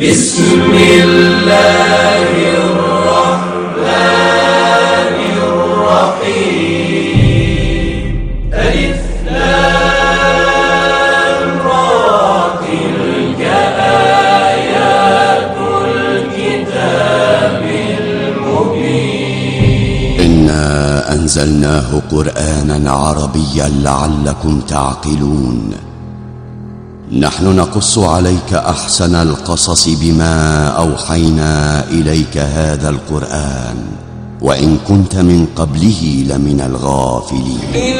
بسم الله الرحمن الرحيم ألف لام را تلك آيات الكتاب المبين إنا أنزلناه قرآنا عربيا لعلكم تعقلون نحن نقص عليك أحسن القصص بما أوحينا إليك هذا القرآن وإن كنت من قبله لمن الغافلين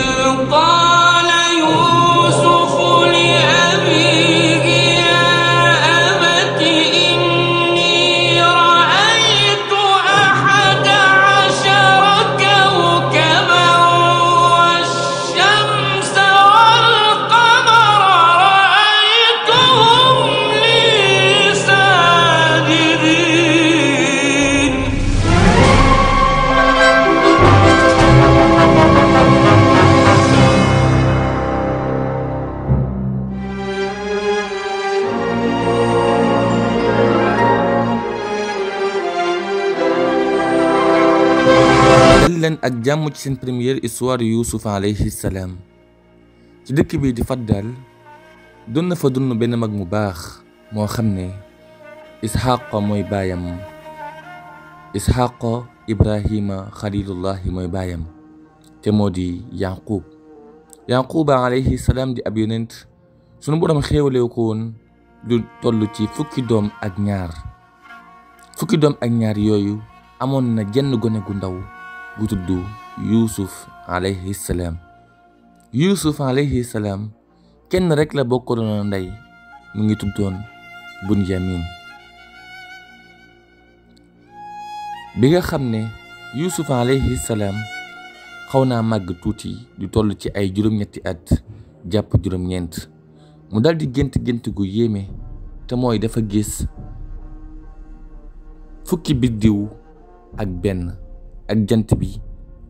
len ak jàmm ci seen première histoire Yuusuf alayhi salaam ci dëkk bii di Faddal doon na fa dund benn mag mu baax moo xam ne Isxaaqa mooy baayam Isxaaqa Ibrahima Xalilullahi mooy baayam te moo di Yaaqub Yaaquba alayhi salaam di ab yonent sunu boroom xéewalewu ko woon lu toll ci fukki doom ak ñaar fukki doom ak ñaar yooyu amoon na jenn gone gu ndaw gu tudd yuusuf alayhi salaam yuusuf alayhi salaam kenn rek la bokkaloon ndey mu ngi tuddoon bunyamin bi nga xam ne yuusuf alayhi salaam xaw naa màgg tuuti di toll ci ay juróom at jàpp juróom mu daldi di gént gént gu yéeme te mooy dafa gis fukki biddiw ak benn ak jant bi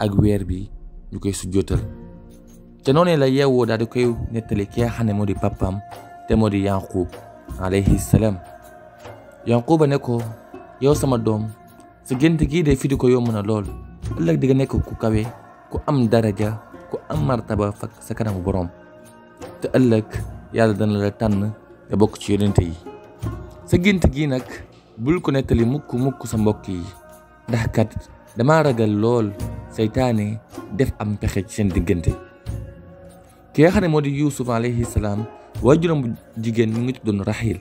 ak weer bi ñu koy sujjootal te noonee la yeewoo daal di koy nettali ki nga xam ne moo di papaam te moo di Yanqub alayhi salaam Yanquba ne ko yow sama doom sa gént gii de firi ko yomb na lool ëllëg di nga nekk ku kawe ku am daraja ku am martaba fak sa kanamu borom te ëllëg yàlla dana la tànn nga bokk ci yonente yi sa gént gii nag bul ko nettali mukk mukk sa mbokk yi ndax kat dama ragal lool seytaane def am pexe ci seen diggante ki ne moo di yuusuf alayhi salaam waajuram bu jigéen mu ngi tuddoon raxil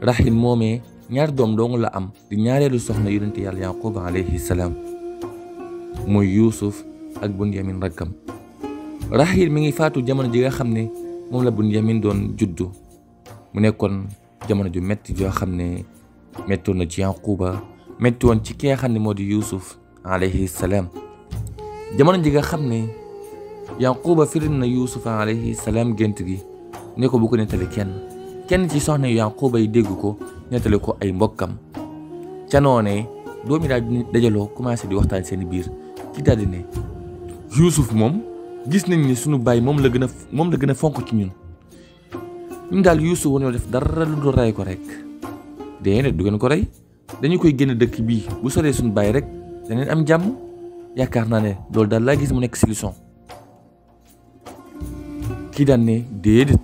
raxil moomee ñaari doom dong la am di ñaareelu soxna yonente yàlla yaqub alayhi salaam muy yuusuf ak bunyamin rakkam raxil mi ngi faatu jamono ji nga xam ne moom la bunyamin doon juddu mu nekkoon jamono ju metti joo xam ne mettoon na ci yaquba metti woon ci ki nga xam ne moo di yuusuf alayhi salaam jamono ji nga xam ne yanquba firil na yuusufa alayhi salaam gént gi ne ko bu ko nettali kenn kenn ci soxna yanquba yi dégg ko nettali ko ay mbokkam ca noonee doomi daal dajaloo commencé di waxtaan seen biir ki daal di ne yuusuf moom gis nañ ni sunu baay moom la gën a moom la gën a fonk ci ñun ñun daal yuusuf woon def dara lu dul rey ko rek dee ne du ngeen ko rey dañu koy génn dëkk bii bu soree suñu baay rek danañ am jàmm yaakaar naa ne loolu daal laa gis mu nekk solution kii daan ne déedéet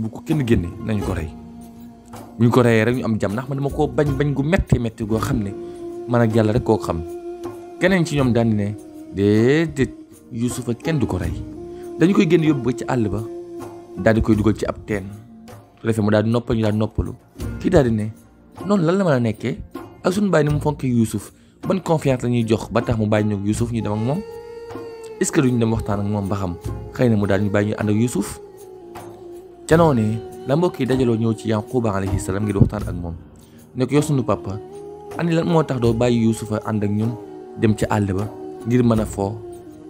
bu ko kenn génne nañ ko rey bu ñu ko reyee rek ñu am jàmm ndax ma dama koo bañ bañ gu metti metti goo xam ne man ak yàlla rek koo xam keneen ci ñoom daan ne déedéet Yuusufa kenn du ko rey dañu koy génn yóbbu ba ci àll ba daal koy dugal ci ab teen su defee mu daal di noppal ñu daal noppalu kii daal di ne noonu lan la mën a nekkee ak suñu bàyyi ni mu fonkee Yuusuf ban confiance la jox ba tax mu bàyyi ñoog Youssouf ñu dem ak moom est-ce que duñ dem waxtaan ak moom ba xam xëy na mu daal ñu bàyyi ñu ànd ak Youssouf ca la mbokk yi dajaloo ñëw ci Yanquba alayhi salaam ngir waxtaan ak moom nekk ko yow sunu papa ani lan moo tax doo bàyyi Youssouf a ànd ak ñun dem ci àll ba ngir mën a foo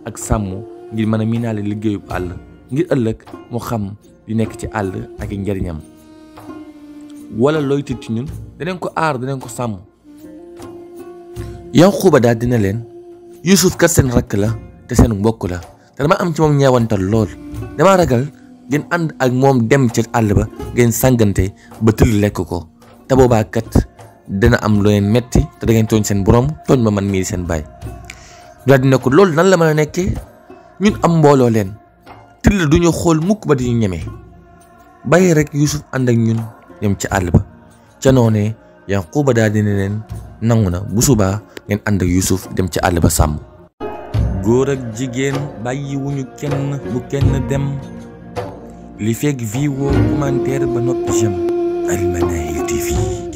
ak sàmm ngir mën a miinaale liggéeyub àll ngir ëllëg mu xam li nekk ci àll ak njariñam wala looy tiit ci ñun danañ ko aar danañ ko sàmm. Yaquba daal dina leen Yuusuf kat seen rakk la te seen mbokk la te dama am ci moom ñeewantal lool dama ragal ngeen ànd ak moom dem ci àll ba ngeen sàngante ba tëll lekk ko te boobaa kat dana am lu leen metti te da ngeen tooñ seen borom tooñ ma man mii seen baay daal dina ko loolu nan la ma a nekkee ñun am mbooloo leen tëll du ñu xool mukk ba di ñu ñeme bàyyi rek Yuusuf ànd ak ñun dem ci àll ba ca noonee Yaquba daal dina leen nangu na bu subaa ngeen ànd ak Yuusuf dem ci àll ba sàmm góor ak jigéen bàyyiwuñu kenn bu kenn dem li fekk vidéo commentaire ba noppi jëm Almanahi TV